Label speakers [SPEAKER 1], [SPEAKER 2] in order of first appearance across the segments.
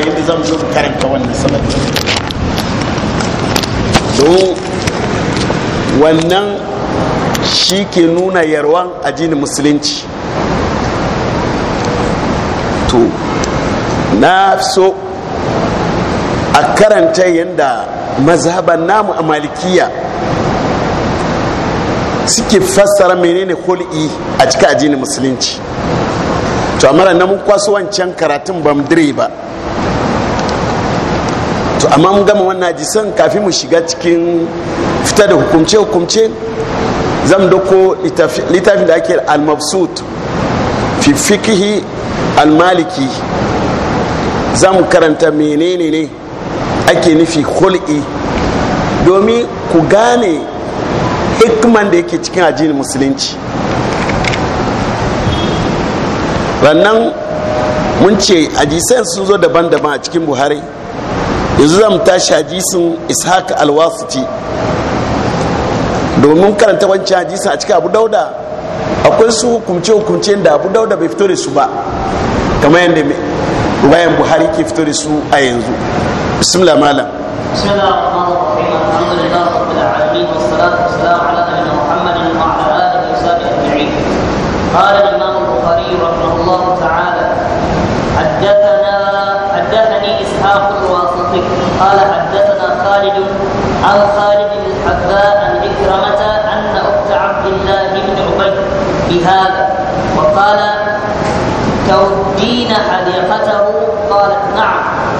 [SPEAKER 1] yadda zan zo karanta wannan sanadi to wannan shi ke nuna yarwan ajinin musulunci to na so a karanta yadda mazhaban namu a malikiya suke fassara menene hul'i a cika ajini musulunci to mara na mun kwaso wancan karatun bamdire ba to amma mun gama wannan hadisan kafin mu shiga cikin fita da hukumce hukumce zan doko littafin da ake al-mabsut fi fikihi al-maliki za karanta menene ne ake nufi hul'i domin ku gane hikman da yake cikin ajiyar musulunci wannan mun ce ajisan sun zo daban-daban a cikin buhari yanzu zan tashi hadisin ishaq alwasiti domin karanta wancan hadisin a cikin abu dauda akwai su hukumce hukumce da abu dauda bai fito da su ba kamar yadda bayan buhari ke fito da su a yanzu bismillah malam
[SPEAKER 2] قال بهذا وقال تودين حديقته قالت نعم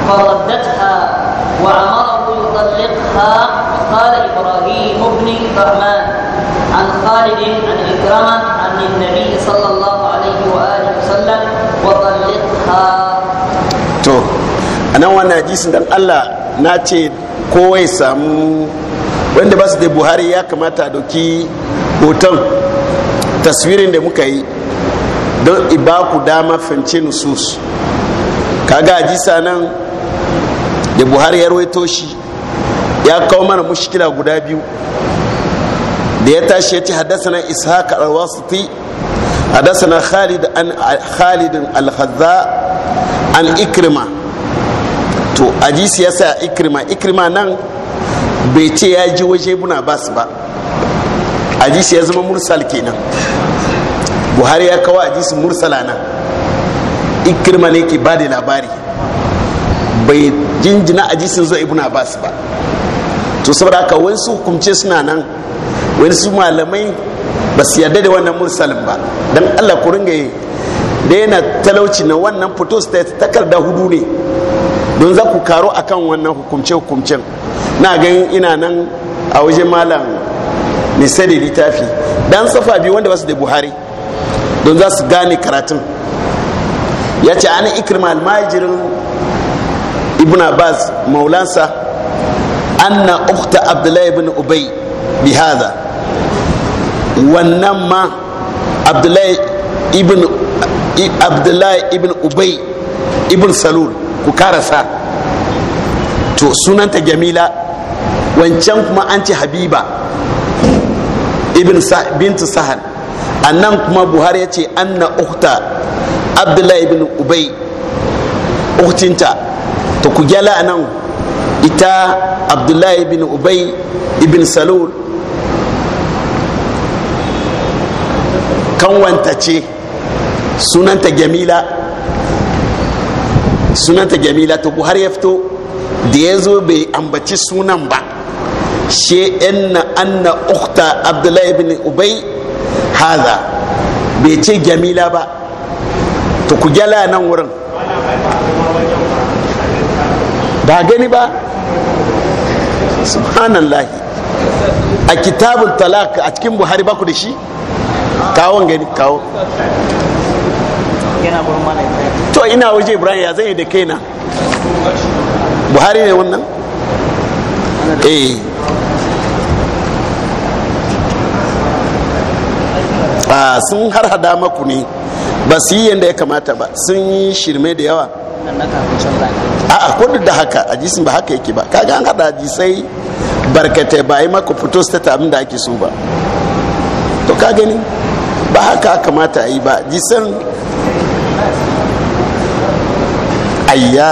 [SPEAKER 2] فردتها وعمره يطلقها قال إبراهيم بن الرحمن عن خالد عن إكرمة عن النبي صلى الله عليه
[SPEAKER 1] وآله وسلم وطلقها تو أنا وانا جيس dan الله ناتي ce kowa ya samu wanda ba su da buhari ya kamata doki hoton taswirin da muka yi don ibaku dama fahimce nusus kaga hadisa nan da buhari ya rawaito shi ya kawo mana mushkila guda biyu da ya tashi ya ce haddasa na ishaq al-wasiti haddasa na khalidin al-khazza an ikrima to hadisi ya sa ikrima ikrima nan bai ce ya ji waje buna bas ba hadisi ya zama mursal kenan buhari ya kawo hadisi mursala na ikirma ne ke ba da labari bai jinjina hadisin zuwa ibn abbas ba to saboda haka wasu hukumce suna nan su malamai ba su yarda da wannan mursalin ba don allah ku ringa da yana talauci na wannan photo state takarda hudu ne don za ku karo akan wannan hukumce hukumcen na ganin ina nan a wajen malam mai sani littafi dan safa biyu wanda basu da buhari don za su gane karatun ya ce an ikirma almajirin ibn abbas maulansa anna ukhta abdullahi ibn ubay bi hada wannan ma abdullahi ibn abdullahi ibn ubay ibn salul ku karasa to sunanta jamila wancan kuma an ce habiba ibn bintu sahal annan kuma buhari ya ce anna ukta abdullahi ibn ubay uktinta ta ku gyala nan ita abdullahi ibn ubay ibn salul kanwanta ce sunanta jamila sunanta jamila ta buhari ya fito da ya zo bai ambaci sunan ba she anna anna ukhta abdullahi ibn ubay haza bai ce jamila ba to ku gyala nan wurin ba gani ba subhanallah a kitabun talak a cikin buhari ba ku da shi kawo gani kawo to ina waje ibrahim ya zai da kaina buhari ne wannan eh sun har hada maku ne ba su yi yadda ya kamata ba sun yi shirme da yawa a kudu da haka jisun ba haka yake ba kaga an hada jisai barkata ba yi maka fito stata abin da ake so ba to ka gani ba haka kamata yi ba jisan ayya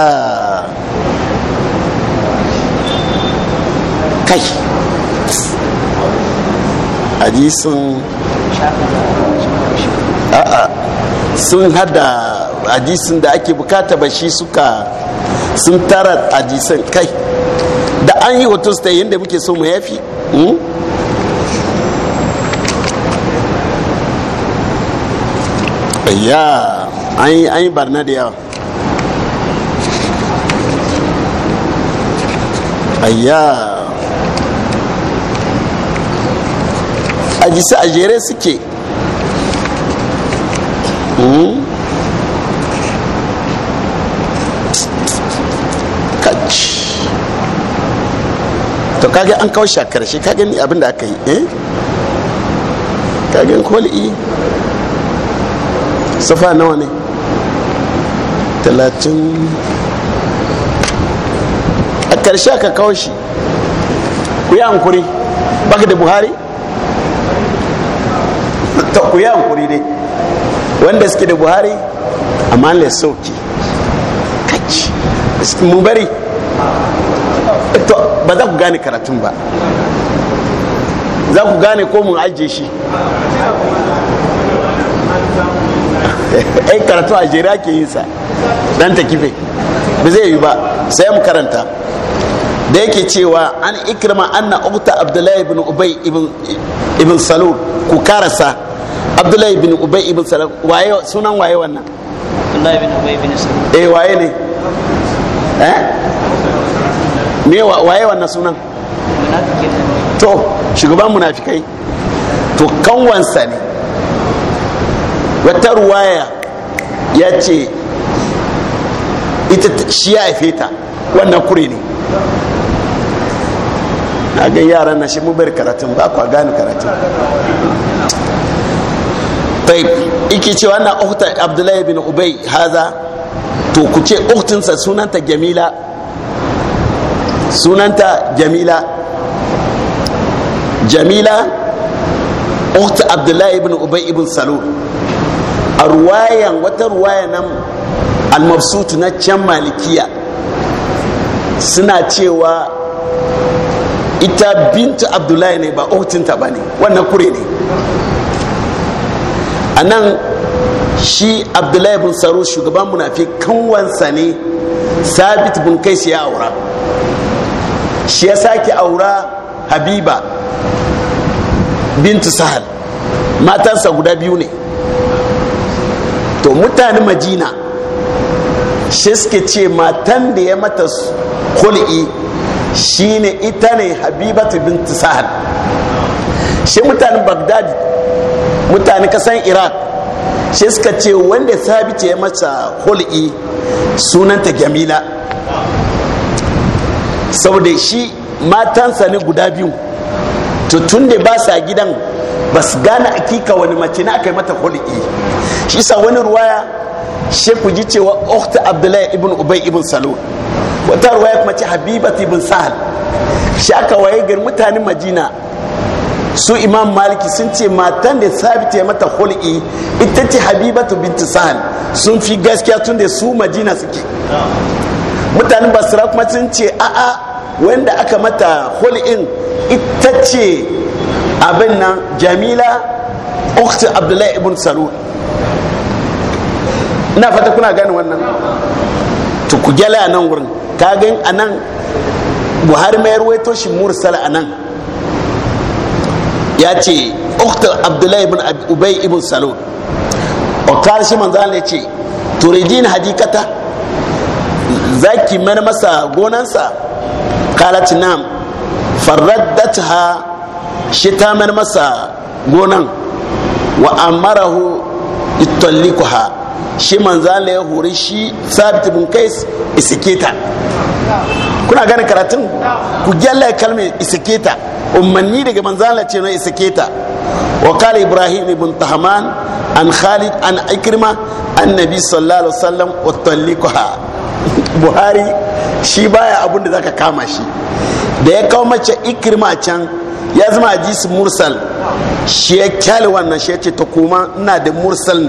[SPEAKER 1] kai jisun a'a sun hada hadisin da ake bukata ba shi suka sun tara hadisan kai da an yi hoton su ta yadda muke so mu yafi hmm? ya an yi barna da yawa ayya hadisi a jere suke hmm? to kage an kawo shakar shi kage ni abinda aka yi eh kage koli'i safa nawa ne talatin a karshe aka kawo shi ku yi hankuri baka da buhari ta ku yi hankuri dai wanda suke da buhari a ne sauki kaci mu bari to ba za ku gane karatun ba za ku gane ko mun ajiye shi ai eh, karatu a jera ke yin sa dan ta kife ba zai yi ba sai mu karanta da yake cewa an ikrima anna ukta abdullahi ibn ubay ibn ibn salul ku karasa abdullahi bin ubay ibn salam waye sunan waye wannan abdullahi bin ubay ibn salam eh waye ne eh me waye wannan sunan to shugaban munafikai to kanwansa ne wata ruwaya ya ce ita shi ya haife ta wannan kure ne na ga yaran na shi mu bar karatun ba kwa gane karatun taib iki cewa wannan ukhta abdullahi bin ubay haza to ku ce uktinsa sunanta jamila sunanta jamila jamila ukhta abdullahi bin ubay ibn salul a ruwayan wata ruwaya nan almabsut na can malikiya suna cewa ita bintu abdullahi ne ba uktinta ba ne wannan kure ne a nan shi abdullahi bin tsaro shugaban munafi kanwansa ne sabit bin kai shi ya aura shi ya sake aura habiba bintu sahal matansa guda biyu ne to mutane majina shi suke ce matan da ya mata kul'i shine ita ne habibatu bintu sahal shi mutanen bagdadi mutane kasan iraq shi suka ce wanda sabice ya masa hul'i sunanta jamila saboda shi matansa ne guda biyu to tun da ba sa gidan ba su gane akika wani mace na aka yi mata hul'i shi sa wani ruwaya shi ku ji cewa ukhta abdullahi ibn ubay ibn salul wata ruwaya kuma ce habibat ibn sahal shi aka waye gari mutanen majina su imam maliki sun ce matan da sabita ya mata hul'i ita ce habibatu bintu sahal sun fi gaskiya tun da su madina suke mutanen basira kuma sun ce a'a wanda aka mata hul'i ita ce abin nan jamila ukti abdullahi ibn salul ina fata kuna gani wannan to ku nan wurin kagan anan buhari mai ruwaito shi mursal anan ya ce uktar abdullahi bin ubay ibn salon uktar shi manzo ya ce turidin hadikata zaki mana masa gonansa qalat nam farraddatha shi ta mana masa gonan wa amarahu ittallikuha shi manzo ya hori shi sabit bin kais isiketa kuna gane karatun ku gyalle kalmar isiketa umarni daga manzala ce na isa keta wa kala ibrahim ibn tahman an khalid an ikrima nabi sallallahu alaihi wasallam wa talliqaha buhari shi baya abun da zaka kama shi da ya kawo mace ikrima can ya zama ajis mursal shi ya kyale wannan shi ya ce ta koma ina da mursal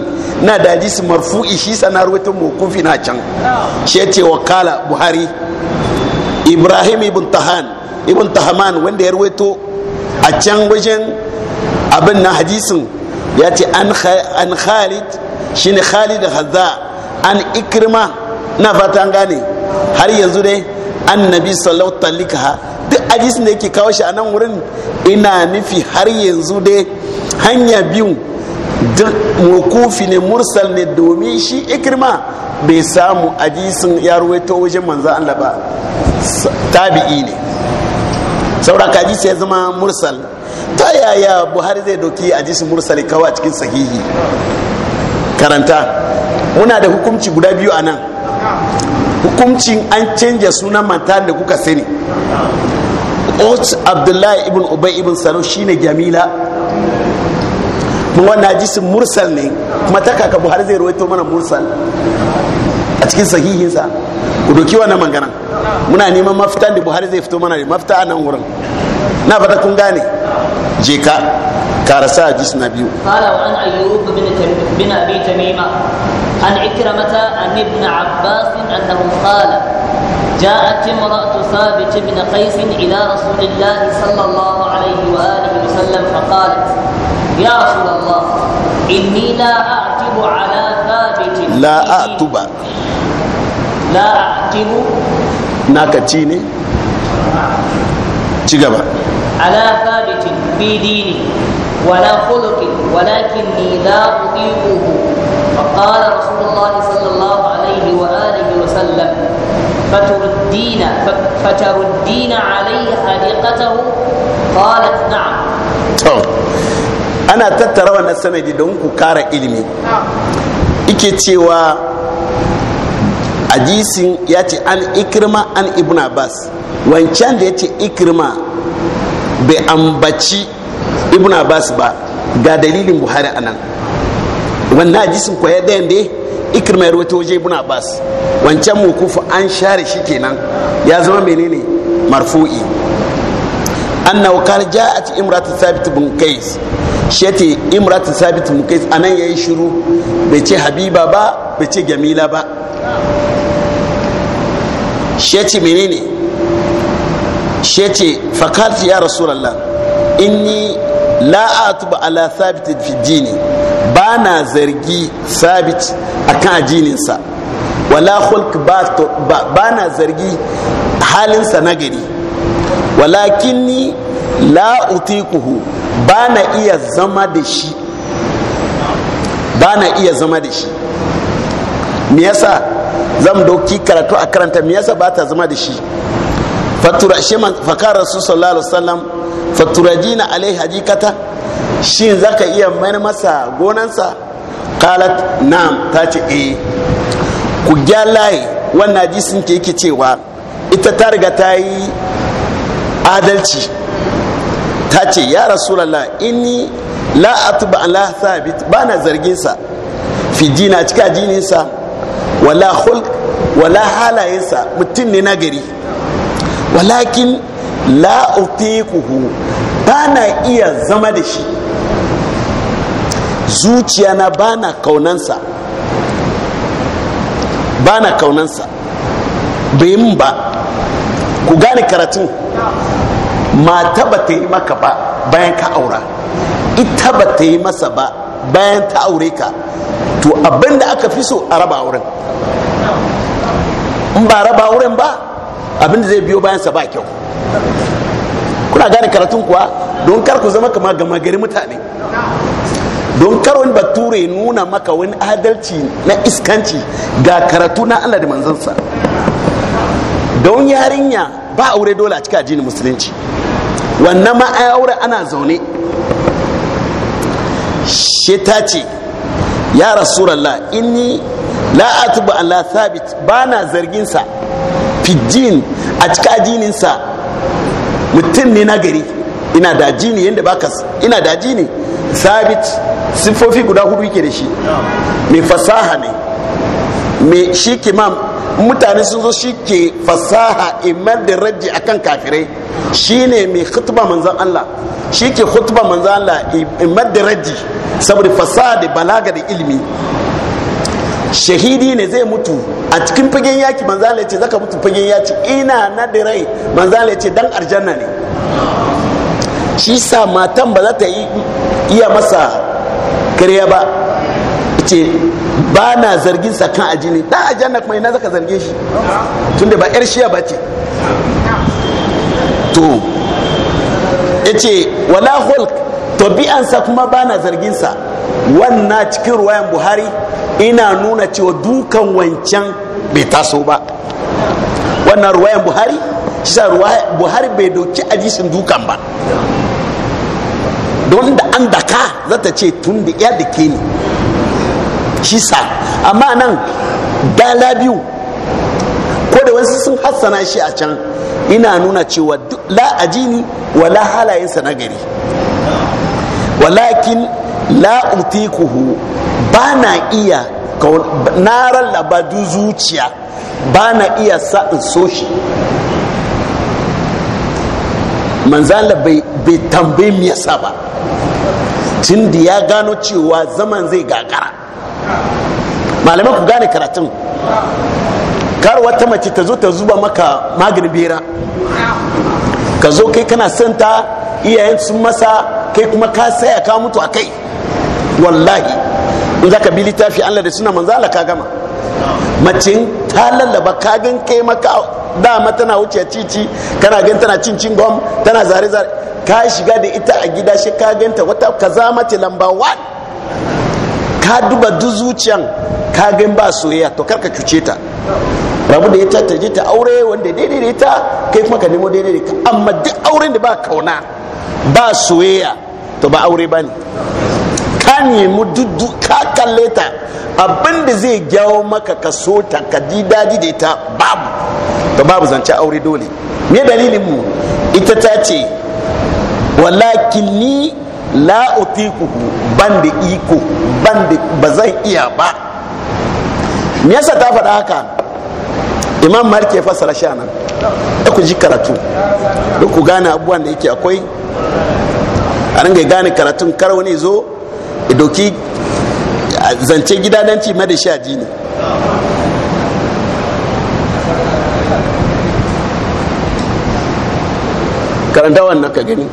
[SPEAKER 1] na da ajis marfu'i shi sanar wata mokufi na can shi ya ce wakala buhari ibrahim ibn tahan ibn tahaman wanda ya ruwaito a can wajen abin na hadisin ya ce an khalid ne khalid haza an ikirma na fata gane har yanzu dai annabi sallallahu talikaha duk hadisin da yake kawo shi a nan wurin ina nufi har yanzu dai hanya biyu duk mukufi ne mursal ne domin shi ikirma bai samu hadisin ya ruwaito wajen manzo Allah ba tabi'i ne sauran kaji sai ya zama mursal ta yaya buhari zai doki a jisun mursali kawo a cikin sahihi karanta muna da hukumci guda biyu a nan hukumcin an canja sunan mata da kuka sani ot abdullahi ibn ubay ibn salo shine jamila kuma na jisun mursal ne kuma ta kaka buhari zai rawaito mana mursal a cikin sahihinsa ku doki wannan maganan muna neman mafitan da buhari zai fito mana da mafita a nan wurin na fata kun gane je ka karasa a biyu
[SPEAKER 2] qala wa an ayyub bin abi tamima an ikramata an ibn abbas annahu qala
[SPEAKER 1] naka ci ne ci gaba
[SPEAKER 2] ala thabitin fi dini wala khuluqin walakin ni la utiquhu فقال رسول الله صلى فتردين فتردين حديقته قالت نعم
[SPEAKER 1] ana tattara wannan sanadi don ku kara ilimi ike cewa hadisin ya ce an ikirma an ibn abbas wancan da ya ce ikirma bai ambaci ibn abbas ba ga dalilin buhari anan wannan hadisin kwaye ɗayan da ikirma ya rawaito waje ibn abbas wancan mukufu an share shi kenan ya zama menene marfu'i ja a ja'at imratu thabit bin qais shati imratu thabit bin qais anan yayi shiru bai ce habiba ba bai ce jamila ba shi ya ce menene shi ya ce fakarti ya rasulallah inni la'atu ba ala thabit fi dini ba na zargi sabit kan ajininsa wala hulk ba na zargi halinsa na gari ni la'uti kuhu ba na iya zama da shi ba na iya zama da shi me yasa zan doki karatu a karanta me yasa ba ta zama da shi fatura shi man fakar rasul sallallahu alaihi wasallam faturajina alai hajikata shin zaka iya mai masa gonansa qalat na'am ta ce eh ku gyalaye wannan hadisin ke yake cewa ita ta riga ta yi adalci ta ce ya rasulallah inni la atuba ba thabit bana zargin sa fi jina cika jininsa wala hulk wala halayensa mutum ne na gari walakin la ba na iya zama da shi zuciya na ba na kaunansa ba na kaunansa bai ba ku gane karatun mata ba ta yi maka ba bayan ka aura ita ba ta yi masa ba bayan ta aure ka to abinda aka fi so a raba auren in ba raba auren ba abinda zai biyo sa ba kyau kuna gane karatun kuwa don kar ku zama kama gama gari mutane don kar wani bature nuna maka wani adalci na iskanci ga karatu na allah da manzansa don yarinya ba aure dole a cika jini musulunci wannan ma aure ana zaune shi ta ce ya rasulallah inni la atubu ala thabit bana zargin sa fijin a cika jininsa mutum ne na gari ina da jini yadda baka ina da jini sabit sifofi guda hudu yake da shi mai fasaha ne mai shi kimam mutane sun zo shi ke fasaha imar da raji akan kafirai shi ne mai khutba manzan Allah shi ke khutba manzan Allah imar da raji saboda fasaha da balaga da ilimi shahidi ne zai mutu a cikin fagen yaki manzan Allah ce zaka mutu fagen yaki ina na da rai manzan Allah ce dan arjanna ne shi sa matan ba za ta iya masa kariya ba ce ba na zargin sa kan ajini dan aljanna kuma ina zaka zarge shi tunda ba yar shiya bace to yace wala hulk sa kuma ba na zargin sa wannan cikin ruwayan buhari ina nuna cewa dukan wancan bai taso ba wannan ruwayan buhari shi sa buhari bai doki ajisin dukan ba don da an daka zata ce tun da ya dake ni kisa amma nan dala biyu ko da wasu sun hassana shi a can ina nuna cewa la ajini wa la halayensa na gari walakin la utikuhu ba na iya na rallaba zuciya ba na iya sa'in so shi manzala bai tambayi me sa ba tun da ya gano cewa zaman zai gagara malamai ku gane karatun kar wata mace ta zo ta zuba maka maganin bera ka zo kai kana son ta iyayen sun masa kai kuma ka saya ka mutu a kai wallahi in za ka bi littafi allah da suna manzala ka gama macin ta lallaba ka gan kai maka dama tana wuce cici kana gan tana cin cin gwam tana zare zare ka shiga da ita a gida shi ka ganta wata kaza mace lamba 1 ka duba duk zuciyan ka gan ba soyayya to karka cuce ta rabu da ita ta je ta aure wanda daidai da ita kai kuma ka nemo daidai da ka amma duk auren da ba kauna ba soyayya to ba aure ba ne ka nemi duddu ka kalle ta abinda zai gyawo maka ka so ta ka ji daji da ita babu to babu zance aure dole me dalilin mu ita ta ce walakin ni la utiquhu ban da iko ban da ba zan iya ba me yasa ta faɗa haka imam malik ya fassara shi anan da ku ji karatu da ku gane abubuwan da yake akwai a ringa gane karatun kar wani zo ya doki zance gidananci ma da sha ne karanta wannan ka gani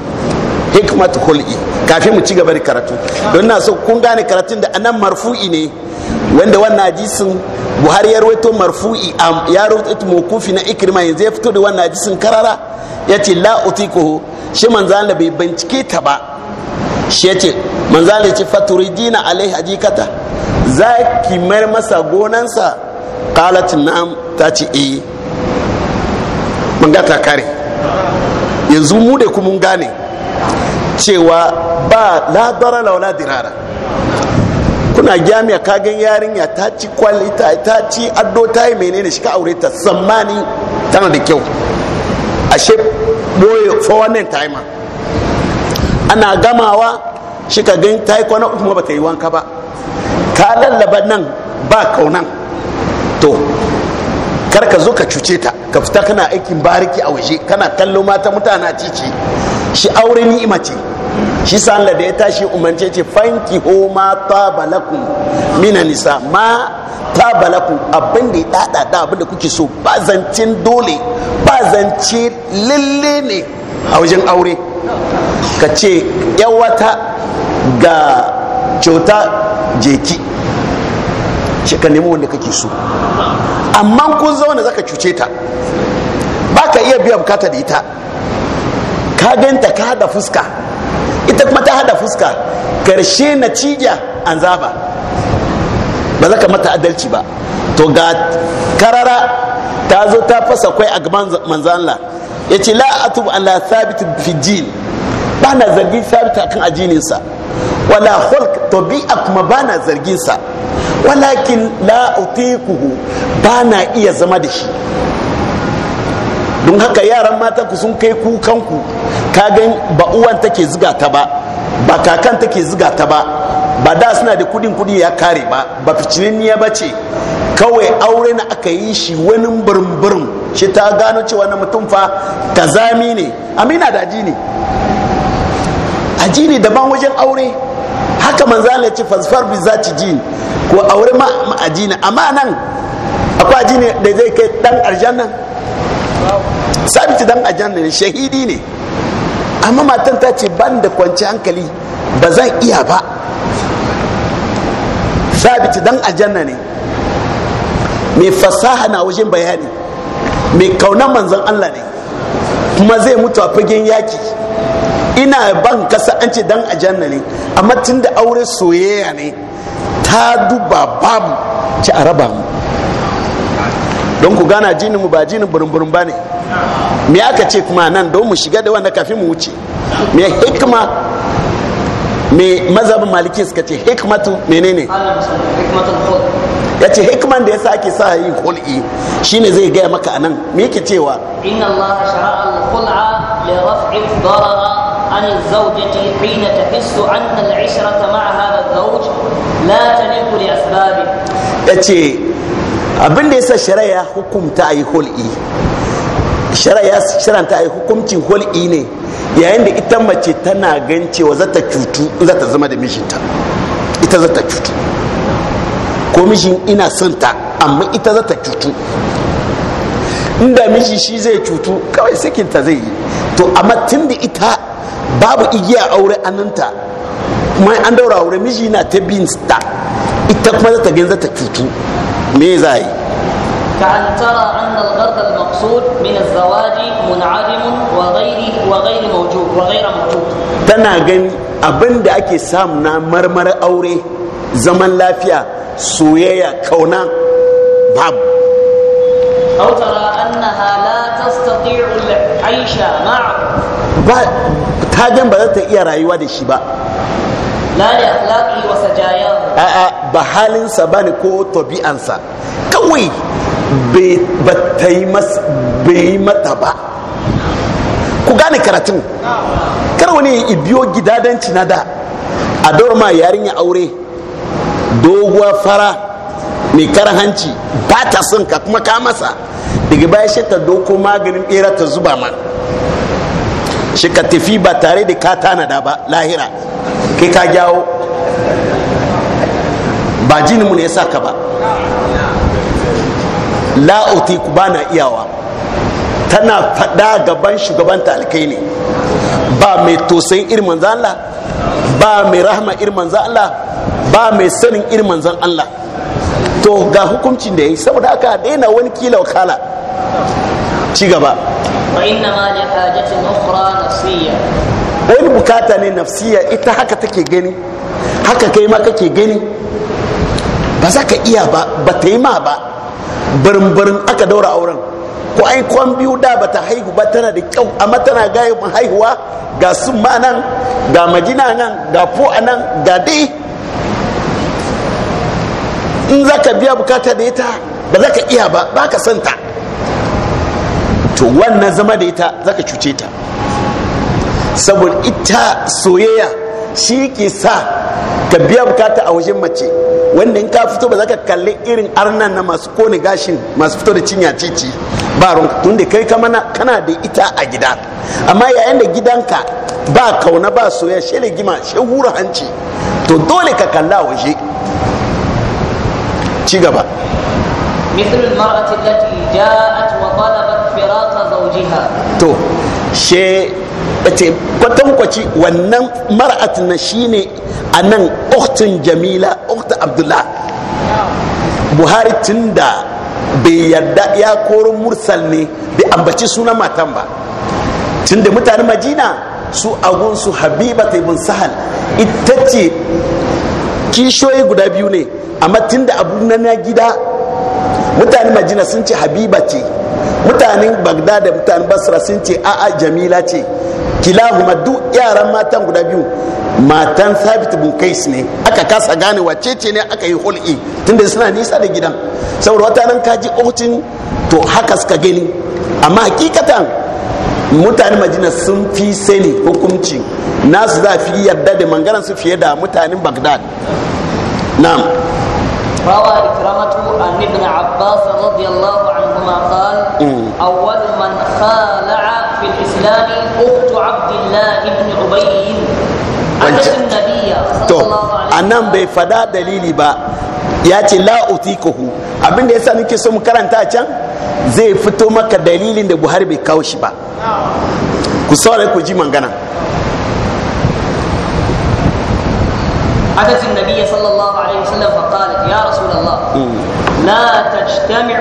[SPEAKER 1] hikmat hul'i kafin mu ci gaba da karatu don na so kun gane karatun da anan marfu'i ne wanda wannan hadisin buhari ya rawaito marfu'i ya rawaito mawkufi na ikrima yanzu ya fito da wannan hadisin karara ya ce la utikuhu shi manzan bai bincike ta ba shi ya ce manzan ya ce faturidina alai hadikata za ki mar masa gonansa qalat na'am ta ce eh mun ga ta kare yanzu mu da kuma mun gane cewa ba ladara laula dirara kuna jami'a kagan yarinya ta ci kwalita ta ci addo ta yi menene shi ka aure ta tsammani tana da kyau ashe boye fa wannan taima ana gamawa shi ka gan ta yi kwana uku ba ta yi wanka ba ka lallaba nan ba kaunan to kar ka zo ka cuce ta ka fita kana aikin bariki a waje kana kallo mata mutana cici shi aure ni'ima ce shi sa Allah da ya tashi umarce ce fanki ho ma balaku mina nisa ma ta abin da ya dada da kuke so ba zancin dole ba zance lalle ne a wajen aure ka ce yawata ga kyauta jeki shi ka nemi wanda kake so amma kun zauna zaka cuce ta ba ka iya biya bukata da ita ka ganta ka da fuska ita kuma ta hada fuska karshe na natija an zaba ba za ka mata adalci ba to ga karara ta zo ta fasa kwai a gaban manzanla ya ce ba ala thabit fi ba na zargin sabita akan ajininsa wala hulk a kuma ba na zarginsa walakin la utiquhu ba na iya zama da shi don haka yaran mata ku sun kai kukan ku ka gan ba uwan take ziga ta ba ba kakan take ziga ta ba ba da suna da kudin kudi ya kare ba ba ficinniya ba ce kawai aure na aka yi shi wani burin shi ta gano cewa na mutum fa zami ne amina da ajini. ne daban wajen aure haka manzala ya ce fasfar bi ci ji ko aure ma aji ne amma nan akwai aji ne da zai kai dan nan. sabiti dan ajanna ne shahidi ne amma matan ta ce ban da kwanci hankali ba zan iya ba sabiti dan ajanna ne mai fasaha na wajen bayani mai kauna manzon Allah ne kuma zai mutu a fagen yaki ina ban kasa an ce dan ajanna ne amma tun da aure soyayya ne ta duba babu ci a raba mu don ku gana jinin mu ba jinin burin-burin ba ne me aka ce kuma nan don mu shiga da wanda kafin mu wuce me hikima me mazhabin maliki suka ce hikmatu menene ya ce hikman da ya sa ake sa yi kul'i shine zai gaya maka anan me yake cewa
[SPEAKER 2] inna allaha shara'a al-khul'a li raf'i darara عن الزوجة حين تحس أن العشرة مع هذا الزوج لا تليق لأسبابه.
[SPEAKER 1] abin da sa shari'a hukumta a yi hul'i shari'a shiranta yi hukuncin hul'i ne yayin da ita mace tana gan cewa za ta cutu za ta zama da mijinta ita za ta cutu ko mijin ina son ta amma ita za ta cutu inda miji shi zai cutu kawai sakinta zai yi to amma tun da ita babu igiya aure ananta kuma an daura aure miji na ta bin ta ita kuma za ta gan za ta cutu me za yi
[SPEAKER 2] كأن ترى أن الغرض المقصود
[SPEAKER 1] tana gani abinda ake samu na marmar aure zaman lafiya soyayya kauna babu أو ba ta ba za ta iya rayuwa da shi ba la ya
[SPEAKER 2] wa sajaya
[SPEAKER 1] a'a ba halinsa ba ne ko tabi'ansa kawai bai yi mata ba ku gane karatun kar wani ibiyo gidadanci na da a dorma ya aure doguwa fara mai kar hanci ba ta son ka kuma ka masa daga baya shi ta doko maganin bera ta zuba ma shi ka tafi ba tare da ka tanada ba lahira kai ka jawo ba mu ne ya sa ka ba la'uti ku ba na iyawa tana fada gaban shugaban talikai ne ba mai tosayin irin manzan Allah ba mai rahama irin manzan Allah ba mai sanin irin manzan Allah to ga hukuncin da ya yi saboda aka daina wani kila wakala ci gaba wani bukata ne nafsiya ita haka take gani haka kai ma kake gani ba za ka iya ba ba ta yi ma ba barin-barin aka daura auren ko ai kwan biyu da ba ta haihu ba tana da kyau amma tana gaya haihuwa ga ma nan ga majina nan ga fo a nan ga dai in za ka biya bukata da ita ba za ka iya ba ba ka santa to wannan zama da ita za ka cuce ta saboda ita soyayya shi ke sa ka biya bukata a wajen mace wanda in ka fito ba za ka kalli irin arnan na masu kone gashin masu fito da cinya cici ba ronka tun da kai kana da ita a gida amma yayin da gidanka ba kauna ba soya shele gima shehura hanci to dole ka kalla waje ci gaba
[SPEAKER 2] مثل المرأة التي جاءت وطلبت فراق زوجها
[SPEAKER 1] تو شيء ya ce kwatankwaci wannan mar'at na shine a nan uktin jamila ukta abdullah buhari tun da bai yarda ya koro mursal ne bai ambaci suna matan ba tun da mutane majina su agunsu habiba ta ibn sahal ita ce kishoyi guda biyu ne amma tun da abu na gida mutane majina sun ce habiba ce mutanen bagdad da mutanen basra sun ce a'a jamila ce kilahuma duk yaran matan guda biyu matan sabit bin kais ne aka kasa gane wace ce ne aka yi hul'i tunda suna nisa da gidan saboda wata nan ji ohtin to haka suka gani amma hakikatan mutane majina sun fi sani hukunci nasu za fi yarda da mangaran su fiye da mutanen bagdad na'am روى
[SPEAKER 2] إكرمة عن ابن عباس رضي الله عنهما قال أول من خالع في الإسلام أخت عبد Abdullah
[SPEAKER 1] ibn bai fada dalili ba ya ce la utikuhu abin da yasa nake so mu karanta can zai fito maka dalilin da Buhari bai kawo shi ba ku saurare ku ji magana
[SPEAKER 2] أتت النبي صلى الله عليه وسلم فقالت يا رسول الله لا تجتمع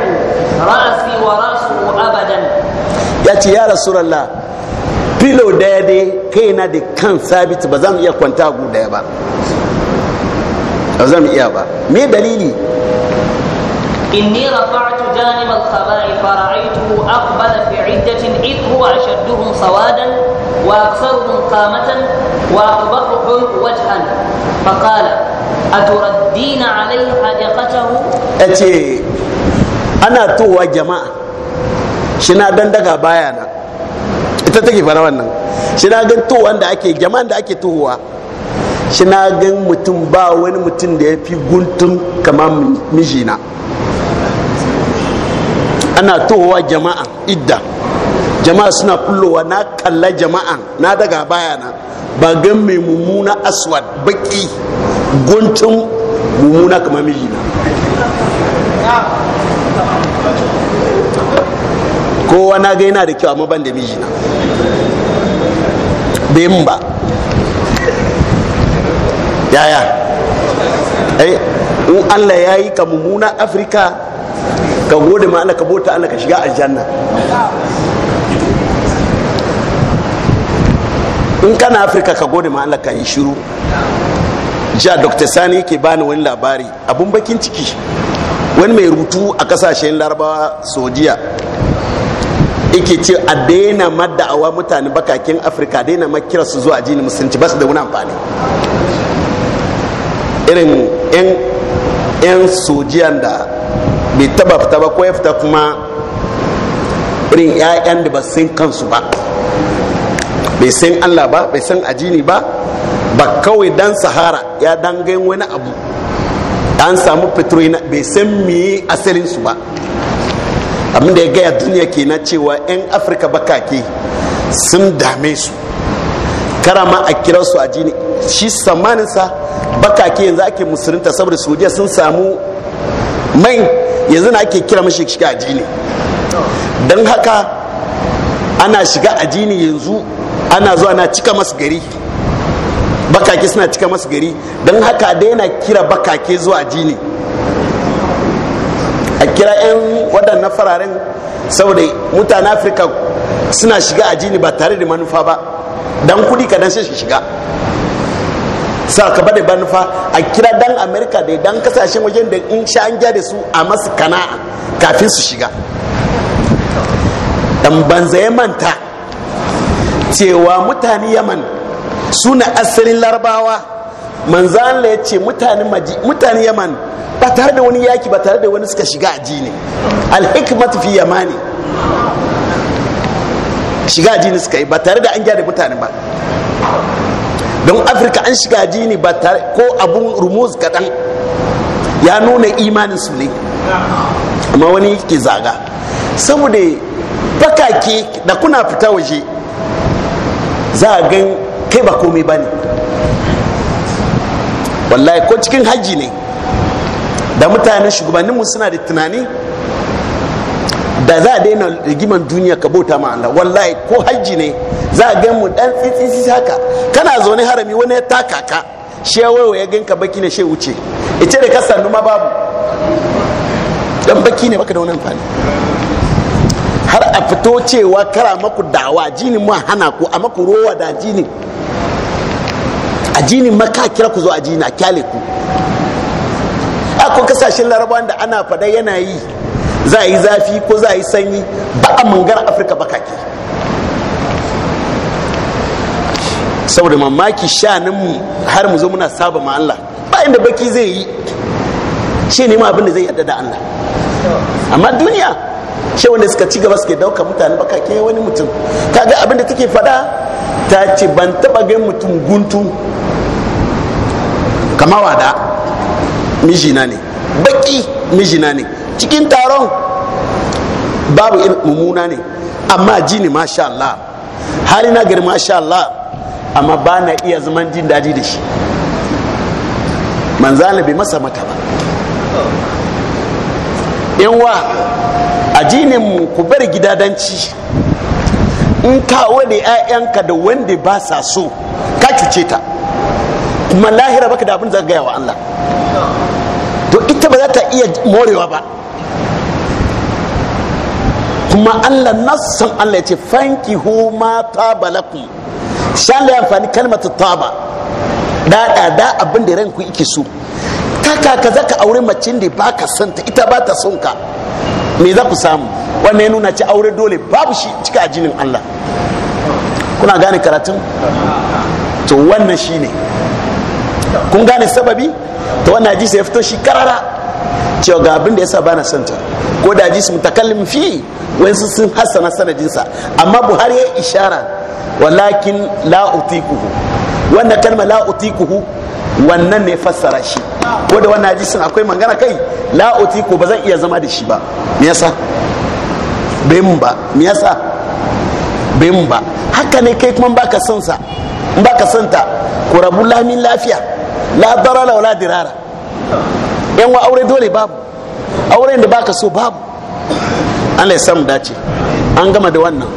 [SPEAKER 2] رأسي ورأسه أبدا
[SPEAKER 1] يأتي يا رسول filo daya dai kai na da kan sabit ba za mu iya kwanta gu daya ba ba za mu iya ba me dalili inni
[SPEAKER 2] rafa'tu janib al-khaba'i fara'aytuhu aqbala fi 'iddatin id huwa ashadduhum sawadan wa aktharuhum qamatan wa aqbahuhum wajhan faqala aturaddina alayhi hajaqatahu
[SPEAKER 1] ace ana towa jama'a shi na dandaga bayana ita take fara wannan shi na gan to da ake jama'an da ake tohuwa shi na gan mutum ba wani mutum da ya fi guntun kamar mijina ana tohuwa jama'a idda jama'a suna kullowa na kalla jama'a na daga bayana ba gan mai mummuna aswad baki guntun mummuna kamar mijina kowa na ga yana da kyau amma ban da na be mun ba yaya ai eh, in allah ya yi ka mummuna afirka ka gode ma allah ka bota allah ka shiga aljanna in kana afirka ka gode ma allah ka yi shiru ja dr sani ke bani wani labari abun bakin ciki wani mai rutu a kasashen larabawa saudiya yake ce a daina madda'awa mutane bakakin afirka daina makira su zuwa jini musulunci ba su da wani amfani irin yan sojiyan da bai taba fita ba ko ya fita kuma irin 'ya'yan da ba san kansu ba bai san allah ba bai san ajini ba ba kawai dan sahara ya dangayin wani abu an samu fitro bai san miye asalinsu ba abinda da ya gaya duniya ke na cewa 'yan afirka bakake sun dame su karama a kira su a jini shi samaninsa bakake yanzu ake musulunta saboda saudiya sun samu mai yanzu na ake kira mashi shiga a jini don haka ana shiga a jini yanzu ana zuwa na cika masu gari bakake suna cika masu gari don haka da yana kira bakake zuwa jini a kira 'yan waɗannan fararen saboda mutanen afirka suna shiga a jini ba tare da manufa ba dan kudi kadan sai shi shiga ka da manufa a kira dan amerika da dan kasashen wajen da in sha an gya da su a masu kana'a kafin su shiga dan banza ya manta cewa mutane yaman suna asalin larabawa manzan ya ce mutane yaman ba tare da wani yaki ba tare da wani suka shiga addini alhikmat fi yamani shiga addini suka yi ba tare da an gyara mutane ba don afirka an shiga addini ba tare ko abun rumuz kaɗan ya nuna imanin su ne amma wani ke zaga saboda bakake da kuna fita waje za a gan kai ba komai ba ne wallahi ko cikin hajji ne da mutanen shugabanninmu suna da tunani da za a daina rigiman duniya ka bauta ma Allah wallahi ko hajji ne za a ga mu dan tsitsi haka kana zaune harami wani ya taka ka shi ya wayo ya ganka baki ne shi wuce ice da kasa numa babu dan baki ne baka da wani amfani har a fito cewa kara maku dawa jinin mu hana ku a maku rowa da jinin a jinin maka kira ku zo a jini a kyale ku akwai kasashen larabawan da ana fada yana yi za a yi zafi ko za a yi sanyi ba a mangar afirka kake saboda mamaki shanin har mu zo muna saba ma Allah ba inda baki zai yi shi ne ma abinda zai yadda da Allah amma duniya ce wanda suka ci gaba suke dauka mutane ke wani mutum ta ga abinda take fada ta ce ban taba gan mutum guntu kama wada mijina ne baki mijina ne cikin taron babu mummuna ne amma ji ne masha Allah hali na gari masha Allah amma ba na iya zaman jin daji da shi manzana bai masa mata ba yanwa addinin mu ku bar gidadanci in ka wani 'ya'yanka da wanda ba sa so ka cuce ta kuma lahira baka da abin zagaya wa Allah to ita ba za ta iya morewa ba kuma allah nassan allah ya ce fanki hu ma ta balakun shan da amfani kalmar taba da da da abin da ranku ike so ta kaka zaka aure macin da baka son ta ita ba ta son ka me za ku samu wanne ya nuna ci aure dole babu shi cika jinin allah kuna gane karatun to wannan shine ne kun gane sababi to wannan hadisi ya fito shi karara cewa ga abin da yasa bana son ta ko da hadisi mutakallim fi wayansu sun hassana sanadinsa amma buhari ya ishara walakin la utikuhu wannan kalma la utikuhu wannan ne fassara shi ko da wannan hadisin akwai magana kai la utiku ba zan iya zama da shi ba me yasa bai ba me yasa bai ba haka ne kai kuma baka son sa baka son ta ku rabu lamin lafiya la darara wala dirara yan wa aure dole babu auren da baka so babu Allah ya samu dace an gama da wannan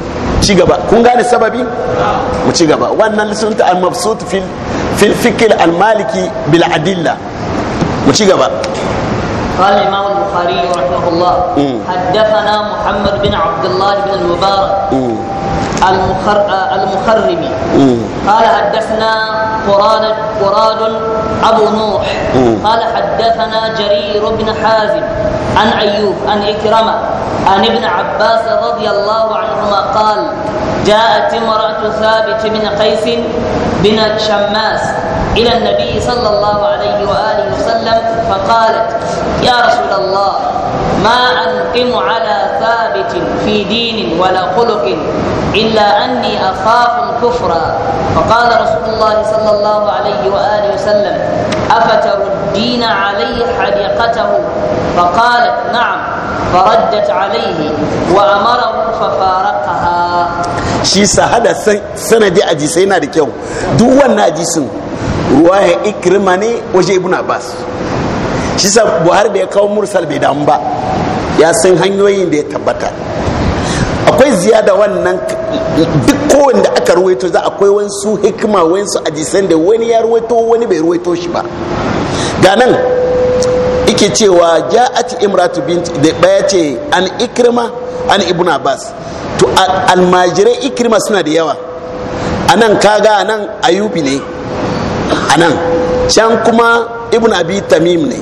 [SPEAKER 1] ci gaba kun gane sababi mu ci gaba wannan sun ta al-mabsut fil fil fikr al-maliki bil adilla mu ci gaba
[SPEAKER 2] قال الإمام البخاري رحمه الله حدثنا محمد بن عبد الله بن المبارك المخر المخرمي قال حدثنا قراد قراد ابو نوح قال حدثنا جرير بن حازم عن ايوب عن اكرمه عن ابن عباس رضي الله عنهما قال جاءت امراه ثابت بن قيس بن شماس الى النبي صلى الله عليه واله وسلم فقالت يا رسول الله ما أنقم على ثابت في دين ولا خلق إلا أني أخاف الكفر فقال رسول الله صلى الله عليه وآله وسلم أفتردين علي حديقته فقالت نعم فردت عليه وأمره ففارقها
[SPEAKER 1] shi sahada sanadi hadisai yana da kyau duk wannan hadisin ruwaya ikrima ne waje ibn abbas shi buhari da ya kawo mursal bai damu ba ya san hanyoyin da ya tabbata akwai ziyada wannan duk kowane da aka ruwaito za akwai wasu hikima wasu ajisan da wani ya ruwaito wani bai ruwaito shi ba ga nan ike cewa ci imratu binti da baya ce an ikirma an ibnu abbas to almajirai ikirma suna da yawa anan kaga anan ayubi ne anan can kuma ibn abi tamim ne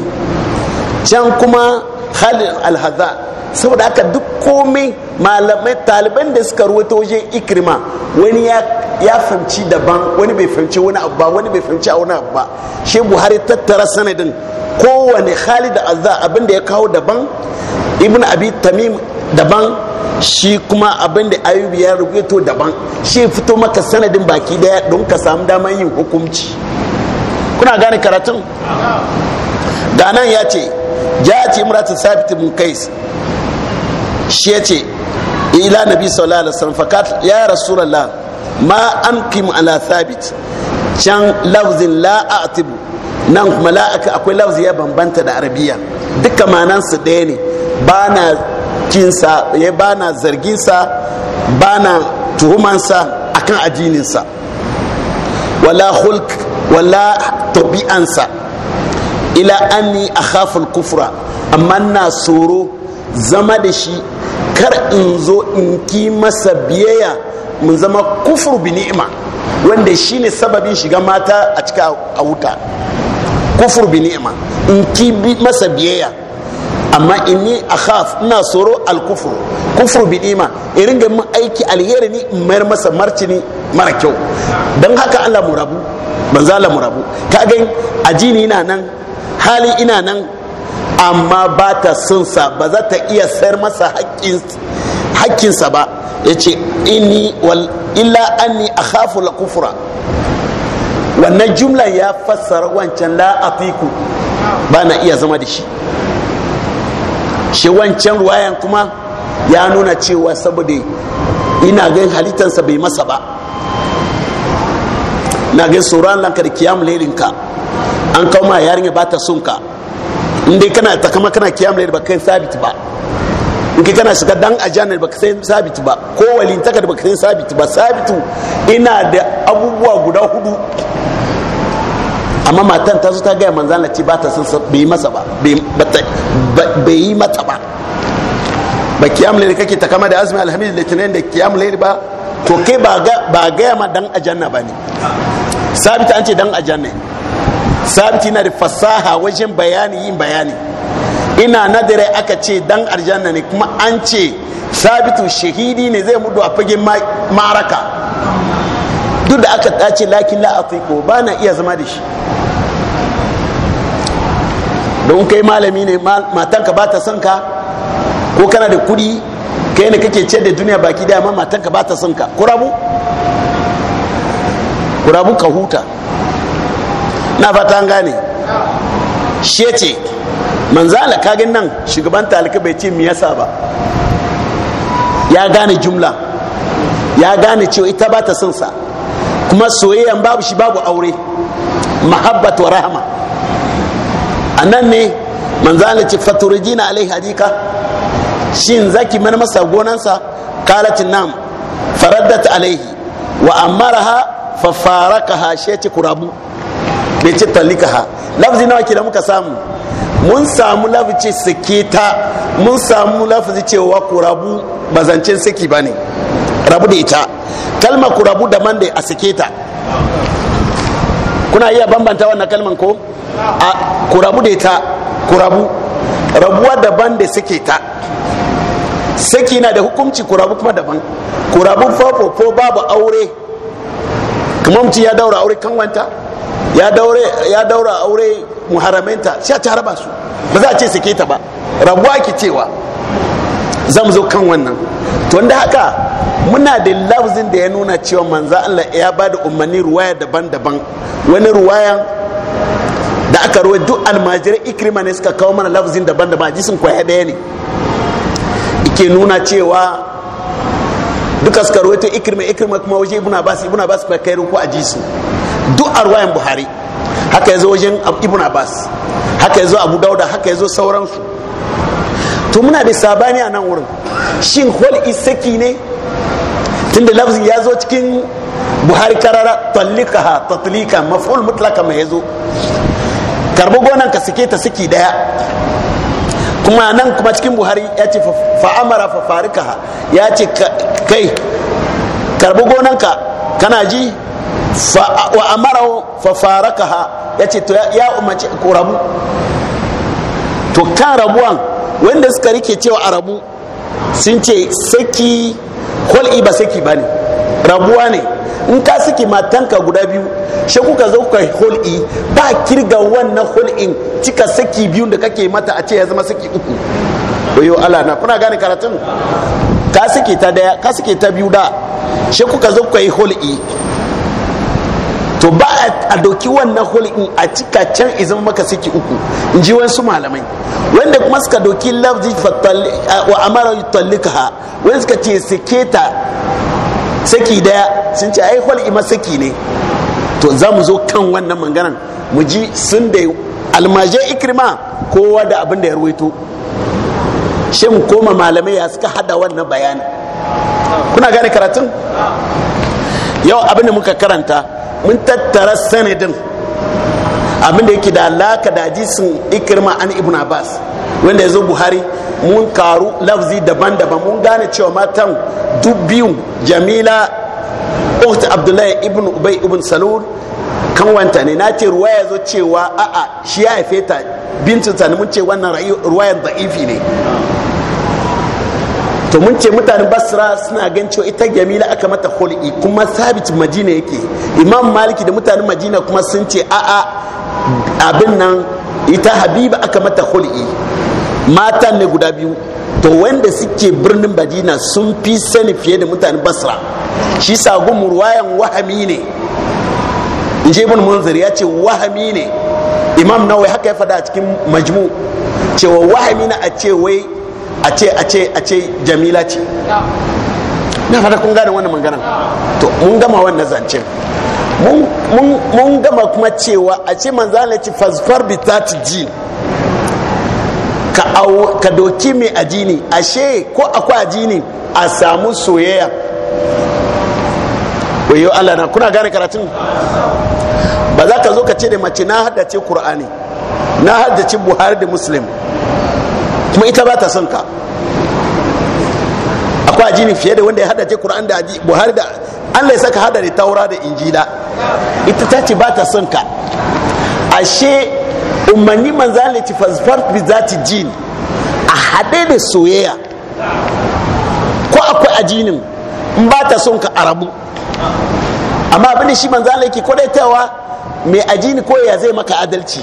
[SPEAKER 1] can kuma halin alhaza saboda aka duk komai malamai taliban da suka ruwaito wajen ikrima wani ya fahimci daban wani bai fahimci wani abu wani bai fahimci wani abu shi buhari tattara sanadin kowane khalid azza abin da ya kawo daban ibn abi tamim daban shi kuma abin da ayubu ya rubuto daban shi fito maka sanadin baki daya don ka samu daman yin hukunci kuna gane karatun ganan nan ya ce ya ce imratu sabit bin kais shi ya ce ila nabi sallallahu alaihi wasallam fakat ya rasulullah ma anqim ala sabit can lafzin la a'tibu nan kuma la'aka akwai lafzi ya bambanta da arabiya duka manansu ɗaya ne ba na kinsa ya eh, ba na zarginsa ba na tuhumansa akan addininsa wala hulk wala tabi'ansa ila a akhaful kufra amma na tsoro zama da shi kar in zo in ki masa biyayya mun zama kufur bi ni'ima wanda shine sababin shiga mata a cika a wuta kufur bi ni'ima in ki masa biyayya amma inni akhaf ina tsoro alkufur kufur bi iman in ringa mun aiki alheri ni in mayar masa martini mara kyau don haka Allah mu rabu banza Allah mu rabu kaga ajini ina nan hali ina nan amma ba ta son sa ba za ta iya sayar masa hakkinsa ba ya ce inni wal illa anni akhafu la kufura wannan jumla ya fassara wancan la atiku ba na iya zama da shi shi wancan ruwayan kuma ya nuna cewa saboda ina gan halittansa bai masa ba na gan tsoron lanka da kiyam lelinka an kawo ma yarinya ba ta sunka ka dai kana ta kama kana kiyam lelin ba kai sabit ba in ka kana shiga dan ajana ba kai sabit ba ko walintaka da ba kai sabit ba sabitu ina da abubuwa guda hudu amma matan ta zo ta gaya manzan lati ba ta san bai masa ba bai yi mata ba ba kiyam lairi kake ta kama da azumi alhamis tunayin da kiyam lairi ba to kai ba gaya ma dan ajanna ba ne sabita an ce dan ajanna sabiti na da fasaha wajen bayani yin bayani ina nadire aka ce dan aljanna ne kuma an ce sabitu shahidi ne zai mudu a fagen maraka duk da aka dace lakin la ba na iya zama da shi don kai malami ne matanka ba ta son ka ko kana da kudi kai ne kake ce da duniya baki da amma matanka ba ta son ka kurabu kurabu ka huta na fata an gane shece manzala kagin nan shugaban talika bai ce yasa ba ya gane jumla ya gane cewa ita ba ta son sa kuma soyayyan babu shi babu aure mahabbat wa rahama a nan ne manzana ce faturjina alai hadika shin zaki mana masa gonansa kalat nam faraddat alaihi wa amaraha fa farakaha shati kurabu bai ce ha lafzi nawa kila muka samu mun samu lafzi sake ta mun samu lafzi cewa kurabu mazancin siki ba ne rabu da ita kalma kurabu man da a sake kuna iya bambanta wannan kalman ko a kurabu da ta kurabu rabuwa daban da suke ta saki na da hukunci kurabu kuma daban kurabu fafofo babu aure kuma mutum ya daura aure kanwanta ya daura aure muharaminta sai ci haraba su ba za a ce sake ta ba rabuwa ki cewa zamu zo kan wannan to da haka muna da lafzin da ya nuna cewa manzo Allah ya ba da umarni ruwaya daban-daban wani ruwayan da aka ruwa duk almajirai ikrima ne suka kawo mana lafazin daban da majisin kwaya daya ne ike nuna cewa duka suka ta ikrima ikrima kuma waje ibn basu ibn abbas kuma kai ruku a su duk a ruwayan buhari haka yazo wajen na basu haka yazo abu dauda haka yazo sauransu to muna da sabani a nan wurin shin hol isaki ne tunda lafazin ya zo cikin buhari karara tallikaha tatlika maf'ul mutlaka mai yazo karbi gonan ka sike ta siki daya kuma nan kuma cikin buhari ya ce fa'amara fa farikaha ya ce kai karbi gonan ka kana ji wa amara fa farakaha ya ce to ya umarci ko rabu to kan rabuwan wanda suka rike cewa arabu sun ce saki kwal'i ba saki ba ne rabuwa ne in ka saki matanka guda biyu shi kuka zo kuka hul'i ba kirga wannan hul'in cika saki biyu da kake mata a ce ya zama saki uku bayo ala na kuna gane karatun ka suke ta daya ka saki ta biyu da shi kuka zo kuka yi hul'i to ba a doki wannan hul'in a cika can izin maka saki uku in ji wasu malamai wanda kuma suka doki lafzi wa amara tallika ha wanda suka ce sike saki daya sun ce ai ima saki ne to za mu zo kan wannan manganan mu ji sun da almajai ikrima kowa da abin da ya ruwaito shin koma malamai ya suka hada wannan bayani kuna gane karatun yau abin da muka karanta mun tattara sanadin abin da yake da alaka da hadisin ikrima an ibn abbas wanda ya zo buhari mun karu lafzi daban-daban mun gane cewa matan duk biyu jamila ukht abdullahi ibn ubay ibn salul wanta ne na ce ruwa ya zo cewa a'a shi ya haife ta ne mun ce wannan ruwayar da'ifi ne to mun ce mutanen basra suna gan cewa ita jamila aka mata i kuma sabit majina yake imam maliki da mutanen majina kuma sun ce a'a abin nan ita habiba aka mata hul'i matan ne guda biyu to wanda suke birnin badina sun fi sani fiye da mutanen basra shi sagun ruwayan wahami ne in je ibn munzir ya ce wahami ne imam nawai haka ya fada a cikin majmu cewa wahami na a ce wai a ce a ce a ce jamila ce na fada kun gane wannan maganan to mun gama wannan zancen mun gama kuma cewa a ce manzana ce fasfar bi ta ji ka doki mai ajini ashe ko akwai ajini a samu soyayya wayo Allah na kuna gane karatun ba za ka zo ka ce da mace na haddace Kur'ani, na haddace buhari da muslim kuma ita ba ta son ka akwai ajini fiye da wanda ya haddace Kur'an da buhari da Allah ya saka hada da taura da injila ita ta ce ba ta son ka ashe umarni manzali ci fasfar bi zati jin a haɗe da soyayya ko akwai ajinin in ba ta son ka arabu amma abin da shi manzali yake tawa mai ajini ko ya zai maka adalci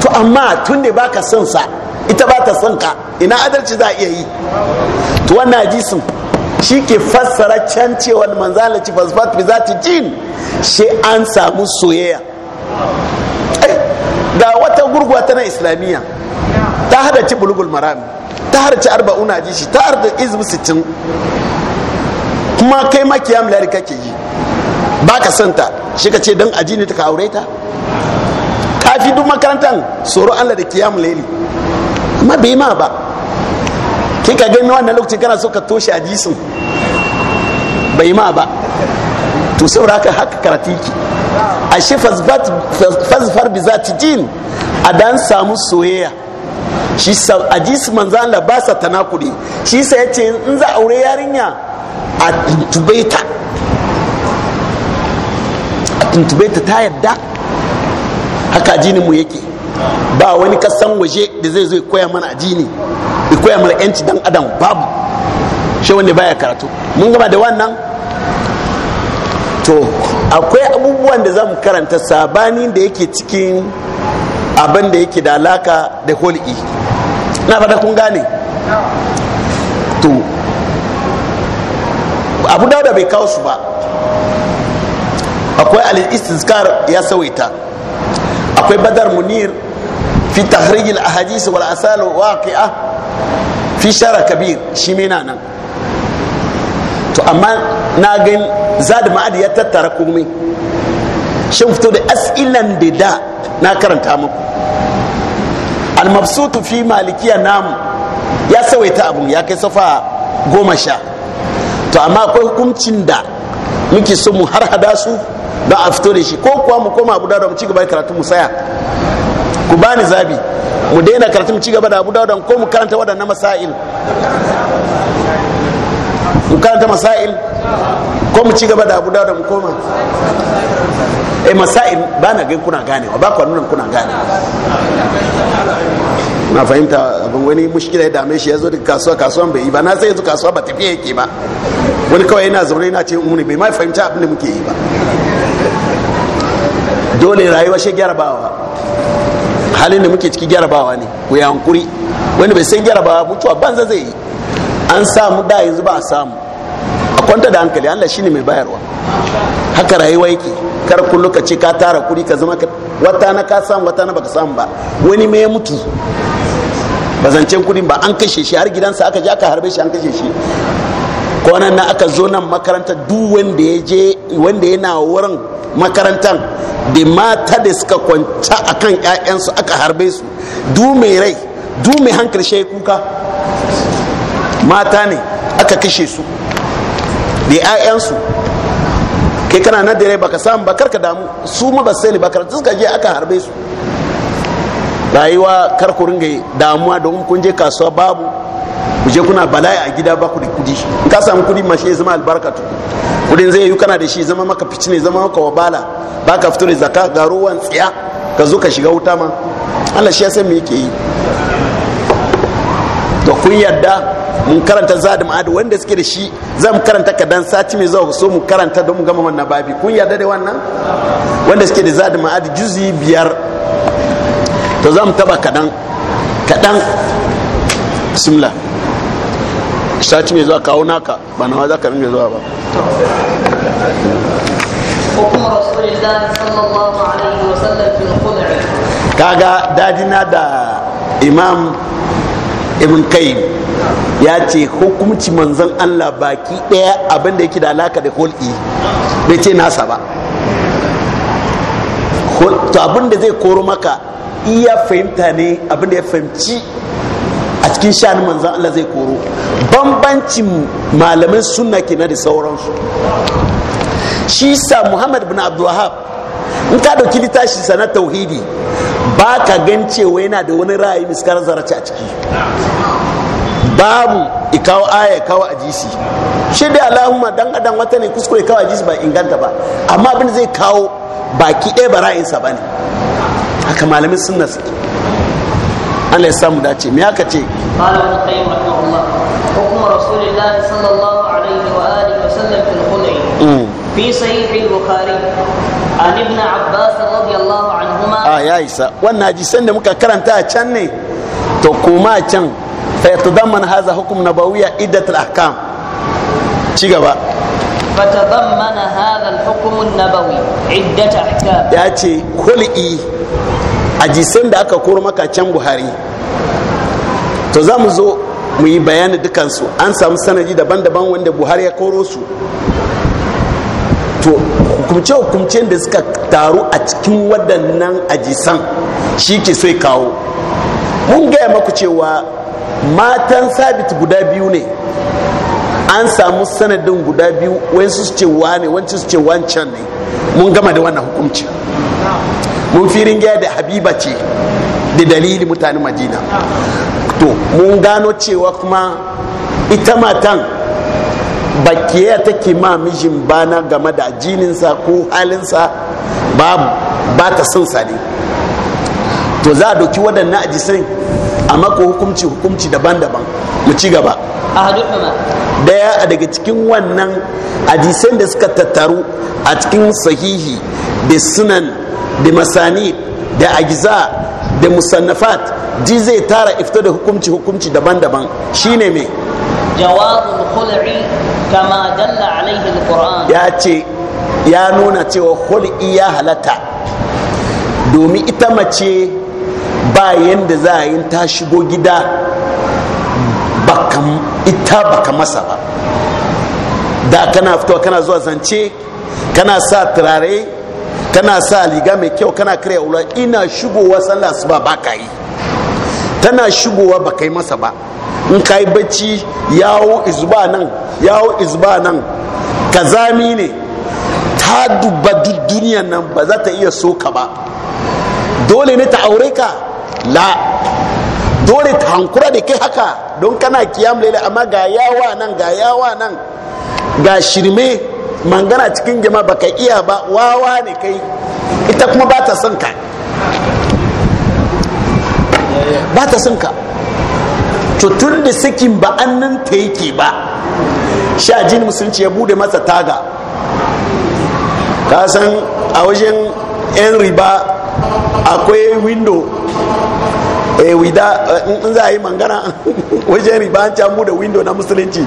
[SPEAKER 1] to amma tun da baka son sa ita ba ta son ka ina adalci za a iya yi to wannan hadisin shi ke fassara can cewar manzala ci fasfar bi zati jin sai an samu soyayya ga wata gurguwa tana islamiyya ta hada ci bulugul marami ta una ji shi ta harda izbu sittin kuma kai ma kiyam kake yi ba ka santa shi ka ce don aji ne ta ka aure ta kafi duk makarantar tsoro allah da kiyam laili amma bai ma ba kika gani wannan lokacin kana so ka toshe hadisin bai ma ba to saboda haka haka karatiki ashe fasfar bi ta din a dan samu soyayya shi a hadisi manzo Allah ba sa tanakudi shi sa yace in za aure yarinya a tuntubaita a tuntubaita ta yadda haka jini mu yake ba wani kasan waje da zai zo koya mana ajini ya koya mana yanci dan adam babu shi wanda baya karatu mun gama da wannan to akwai abubuwan da zamu karanta sabani da yake cikin abin da yake da alaka da hul'i na fada kun gane to abu da bai kawo su ba akwai al-istizkar ya sawaita akwai badar munir fi tahrij al ahadis wal asal waqi'a fi shara kabir shi nan to amma na gan da ma'adi ya tattara komai shin fito da as'ilan da da na karanta muku al-mabsutu fi malikiya namu ya sawaita abu ya kai safa goma sha to amma akwai hukuncin da muke so mu har hada su don a fito da shi ko kuwa mu koma abu da mu ci gaba da karatu mu saya ku bani zabi mu daina karatu mu ci gaba da abu da ko mu karanta waɗannan masail mu karanta masail ko mu ci gaba da abu da mu koma e eh, masai ba na gan kuna gane ba ku nuna kuna gane na fahimta abin wani mushkila ya dame shi ya zo da kasuwa kasuwan bai yi ba na sai yanzu kasuwa ba tafiya yake ba wani kawai yana zaune yana ce umuni bai ma fahimta abin da muke yi ba dole rayuwa shi gyarabawa halin da muke ciki gyarabawa ne ku yi hankuri wani bai san gyarabawa mutuwa banza zai yi an samu da yanzu ba a samu kwanta da hankali Allah shine mai bayarwa haka rayuwa yake kar ku lokaci ka tara kuri ka zama wata na ka samu wata na baka samu ba wani mai mutu ba zancen kudin ba an kashe shi har gidansa aka je aka harbe shi an kashe shi kwanan na aka zo nan makaranta duk wanda ya je wanda yana wurin makarantan da mata da suka kwanta akan ƴaƴansu aka harbe su du mai rai du mai hankali shi kuka mata ne aka kashe su da 'ya'yansu kai kana na dare baka samu bakar ka damu su ma ba sani bakar tun suka je aka harbe su rayuwa kar ku ringa damuwa da kun je kasuwa babu ku je kuna bala'i a gida ba ku da kudi in ka samu kudi mashi zama albarka tu kudin zai yi kana da shi zama maka fici ne zama maka wabala ba ka fito da zaka ga ruwan tsiya ka zo ka shiga wuta ma Allah shi ya san me yake yi to kun yadda mun karanta zadim ma'adu wanda suke da shi za mu karanta ka dan sati mai zuwa so mu karanta don mu gama wannan babi kun yarda da wannan wanda suke da zadim ma'adu juzi biyar to za mu taba kadan kadan simla sati mai zuwa kawo naka ba na za ka ringa zuwa ba kaga dadina da imam ibn qayyim ya ce hukunci manzon Allah baki daya abinda yake da alaka da hulki bai ce nasa ba to abinda zai koro maka iya fahimta ne abinda ya fahimci a cikin sha'anin manzon Allah zai koro bambancin malamin sunna kenan da sauransu shi sa muhammad bin abdulwahab in ka dauki littashi sanar tauhidi ba ka gan cewa yana da wani ra'ayi miskar zarace a ciki babu ikawo aya kawo ajisi shi da allahumma dan adam wata ne kuskure kawo ajisi ba inganta ba amma abin zai kawo baki ɗaya ba ra'ayinsa ba ne haka malamin sunna suke Allah ya samu dace me aka ce
[SPEAKER 2] قال ابن القيم رحمه الله حكم رسول الله صلى في صحيح البخاري an ibn abbas radiyallahu anhuma
[SPEAKER 1] ya isa wannan hadisan da muka karanta a can ne to a can fa yatadamman hadha hukm nabawiyya iddat al-ahkam ci gaba
[SPEAKER 2] فتضمن هذا الحكم النبوي عدة أحكام
[SPEAKER 1] aka خلقي maka دعك كورمك كم بهاري تزامزو mu yi bayani dukansu an samu sanadi daban-daban wanda buhari ya koro su to hukumce-hukumcen da suka taru a cikin waɗannan ajisan shi ke so kawo mun gaya maku cewa matan sabit guda biyu ne an samu sanadin guda biyu wani su ce wane wani su ce wancan ne mun gama da wannan hukumci mun firin gaya da habiba ce da dalili mutane madina to mun gano cewa kuma ita matan bakiya take ma mijin bana game da jininsa ko halinsa ba ta son sa to za a doki waɗannan jisai a mako hukumci hukumci daban-daban mu ci gaba daya daga cikin wannan hadisan da suka tattaru a cikin sahihi da sunan da masani da agiza da musannafat ji zai tara ifta da hukumci hukumci daban-daban shine mai
[SPEAKER 2] jawazul khul'i kama dalla alquran ya
[SPEAKER 1] ce ya nuna cewa khul'i ya halatta domin ita mace ba yanda za a yi ta shigo gida ita baka masa ba da kana fitowa kana zuwa zance kana sa turare kana sa liga mai kyau kana karya ina shigowa sallah su ba baka yi tana shigowa ba kai masa ba in kai yi bacci yawo izba nan yawo izba nan kazami ne ta duba duk duniya nan ba za ta iya so ka ba dole ne ta aure ka la dole ta hankura da kai haka don kana kiyam lele amma ga yawa nan ga yawa nan ga shirme mangana cikin jama'a baka iya ba wawa ne kai ita kuma ba ta son ka ba ta sun ka tutun da sakin ba annan ta yake ba sha jin musulunci ya bude masa taga ka san a wajen yan riba akwai window a eh, wida eh, in za a yi mangana wajen riba an can bude window na musulunci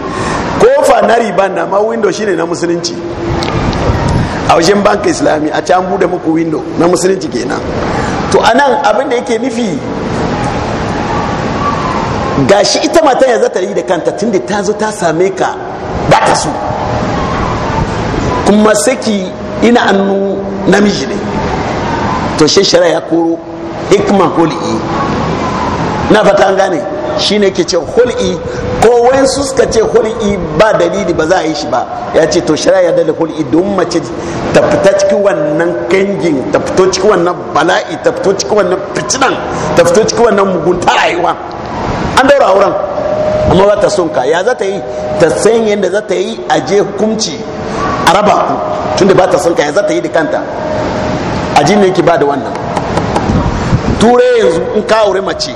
[SPEAKER 1] kofa na riba na ma window shine na musulunci a wajen banka islami a can bude muku window na musulunci kenan to anan abinda yake nufi gashi ita mata ya zata yi da kanta tunda ta zo ta same ka ba ta so kuma saki ina annu namiji ne to shi shari'a ya koro hikma hul'i na fata an gane shi ne ke ce hul'i ko su suka ce hul'i ba dalili ba za a yi shi ba ya ce to shari'a ya dalili hul'i don mace ta fita cikin wannan kangin ta fito cikin wannan bala'i ta fito cikin wannan fitinan ta fito cikin wannan mugunta rayuwa an daura auren amma ba ta son ka ya za ta yi ta san yadda za ta yi a je hukunci a raba ku tunda ba ta son ka ya za ta yi da kanta a ki ba da wannan Ture yanzu in ka aure mace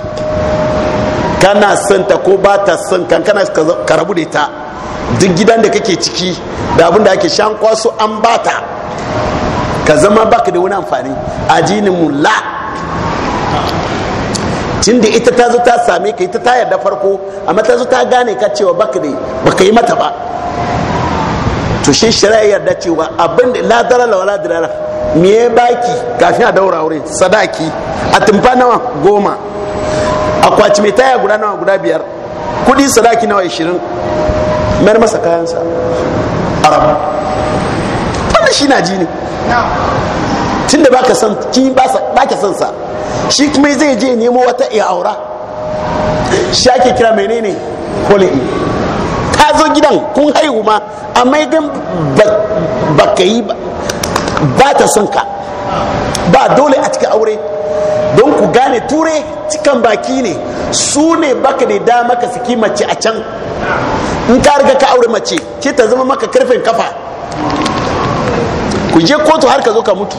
[SPEAKER 1] kana son ta ko ba ta son kan kana ka rabu da ta duk gidan da kake ciki da abin da ake shan kwaso an bata ka zama baka da wani amfani a jinin mu la tun da ita ta zo ta same ka ita ta yarda farko amma ta zo ta gane ka cewa baka ne baka yi mata ba to shi shari'a yarda cewa abin da la wala dalala me baki kafin a daura aure sadaki a tumfa nawa goma kwaci mai taya guda nawa guda biyar kudi sadaki nawa ishirin mayar masa kayansa arab wannan shi na ji ne tun da san ka san sa shi kuma zai je nemo wata ya aura shi ake kira menene holi'i ta zo gidan kun haihu ma amma idan baka yi ba ta son ka ba dole a cikin aure don ku gane ture cikin baki ne su ne baka da dama ka saki mace a can in ka riga ka aure mace ke ta zama maka karfin kafa ku je kotu har ka zo ka mutu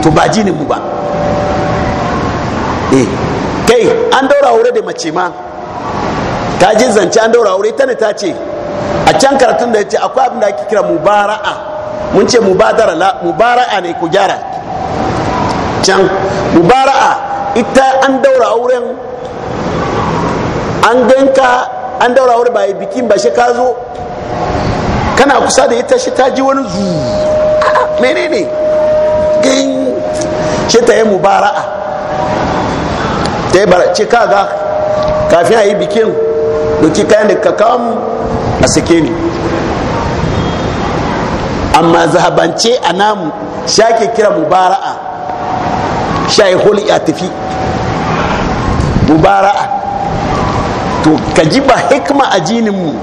[SPEAKER 1] to ba jinin mu ba eh kai an daura aure da mace ma ta je zance an daura aure ta ne ta ce a can karatun da ya ce akwai abin da ake kira mubara'a mun ce mubadara la mubara'a ne ku gyara can mubara'a ita an daura auren an ganka an daura aure ba bikin ba shi ka zo kana kusa da ita shi ta ji wani zu menene gain shi ta yi mubara'a ta yi barace kaga kafin a yi bikin doki kayan da kakawan a sike ni amma zahabance a namu sha ke kira mubara'a sha yi holi a tafi mubara'a to ka ji ba hikma a mu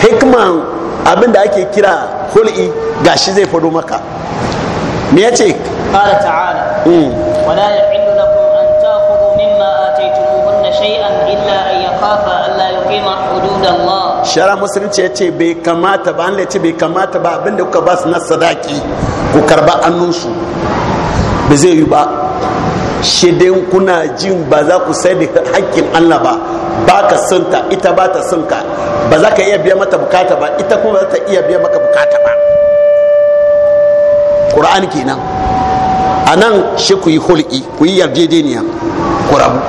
[SPEAKER 1] hikman abin da ake kira hul'i gashi zai fado maka me ce. ƙara ta'ala ya hmm. la
[SPEAKER 2] na lakum an ta ta'khudhu mimma shai shay'an illa an yakhafa an hudu da Allah
[SPEAKER 1] shara musulunci ya ce bai kamata ba an ce bai kamata ba abin da kuka ba su na sadaki ku karba annunsu ba zai yi ba shedin kuna jin ba za ku sai da hakkin Allah ba ba ka son ta ita ba ta son ka ba za ka iya biya mata bukata ba ita kuma za ta iya biya maka bukata ba ƙura'an kenan a nan shi ku yi hulki ku yi yarjejeniya ku rabu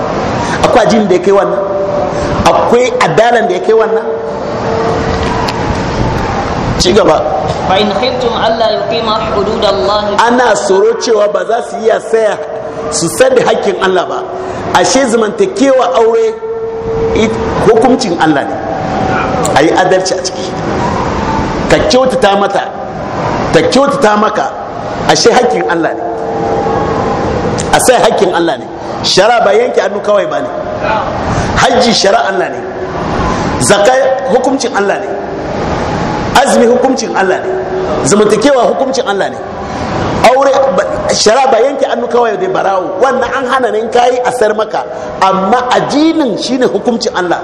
[SPEAKER 1] akwai jin da ya kai wannan akwai adalan da ya kai wannan ci gaba ana tsoro cewa ba za su iya saya su san hakkin Allah ba ashe zamantakewa aure hukuncin allah ne a yi adalci a ciki ka kyautata mata ta kyautata maka shi hakkin allah ne a sai hakkin allah ne shara ba yanke hannu kawai ba ne hajji shara allah ne zakai hukuncin allah ne azumi hukuncin allah ne zamantakewa hukuncin allah ne aure shara ba yanke hannu kawai da barawo wannan an hana ne kai a sar maka amma ajinin shine hukuncin allah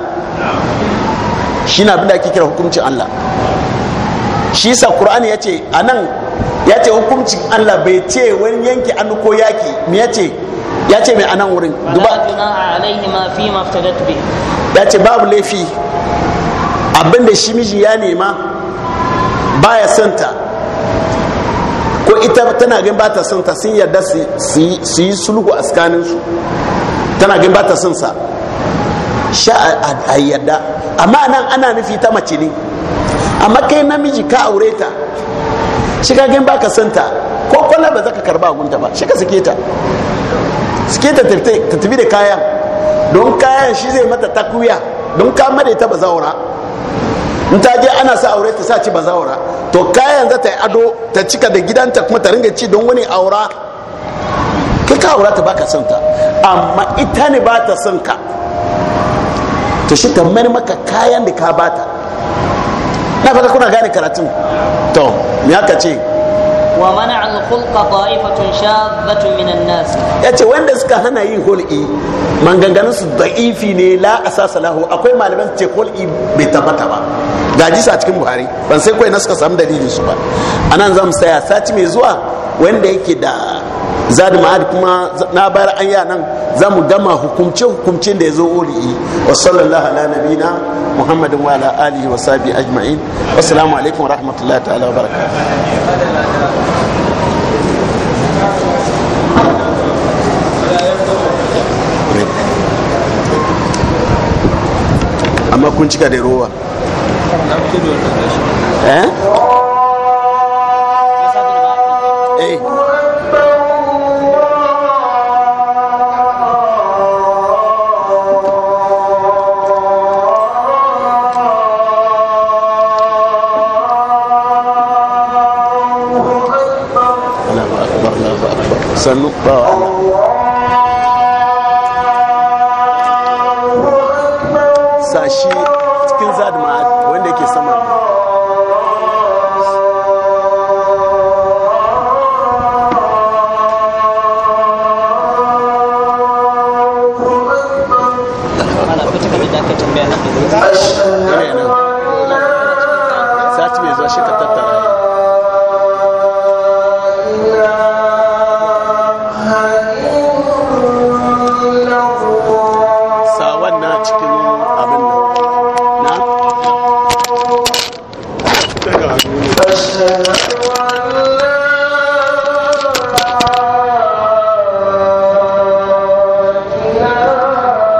[SPEAKER 1] shi na abin da ake kira hukuncin Allah shi sa Qur'ani ya ce a nan ya ce hukuncin Allah bai ce wani yanki an ko yaki me ya ce ya ce mai a nan wurin duba ya ce babu laifi abin da shi miji ya nema baya santa ko ita tana gan bata santa sun yarda su yi sulhu a tsakaninsu tana gan bata son sa sha a yadda amma nan ana nufi ta mace ne amma kai namiji ka aure ta shi ka gan ta ko kwallon ba za ka karba gunta ba shi ka ta suke ta tafi da kayan don kayan shi zai mata takuya don ka mare ta zaura in ta je ana sa aure ta sa ci ba zaura to kayan za ta yi ado ta cika da gidanta kuma ta ringa ci don wani aura kai ka aura ta baka ta amma ita ne ba ta son ka to shi ta maka kayan da ka bata na fata kuna gane karatun to me aka ce wa
[SPEAKER 2] mana alkhulqa ta'ifatun shadhatun min an-nas
[SPEAKER 1] yace wanda suka hana yin hul'i manganganun su da'ifi ne la asasa lahu akwai malaman ce hul'i bai tabbata ba gaji a cikin buhari ban sai kawai na suka samu dalilin su ba anan zamu saya sati mai zuwa wanda yake da zadu ma'ad kuma na bayar an yi nan za mu gama hukumce hukumcin da ya zo oli'i wa sallallahu ala nabina muhammadin wa ala alihi wa sabi ajma'in assalamu alaikum wa rahmatullahi ta'ala wa amma kun cika da rowa eh, eh. sannu ba wa sashi